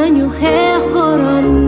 the new hair coronado.